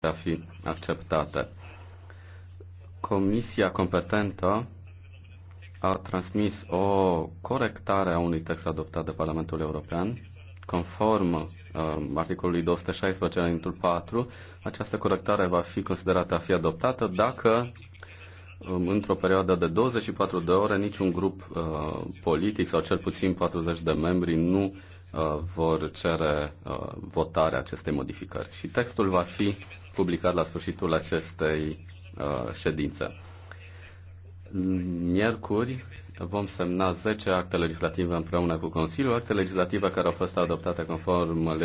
a fi acceptate. Comisia competentă a transmis o corectare a unui text adoptat de Parlamentul European, conform uh, articolului 216, alinitul 4. Această corectare va fi considerată a fi adoptată dacă um, într-o perioadă de 24 de ore niciun grup uh, politic sau cel puțin 40 de membri nu uh, Uh, vor cere uh, votarea acestei modificări și textul va fi publicat la sfârșitul acestei uh, ședințe. Miercuri vom semna 10 acte legislative împreună cu Consiliul, acte legislative care au fost adoptate conform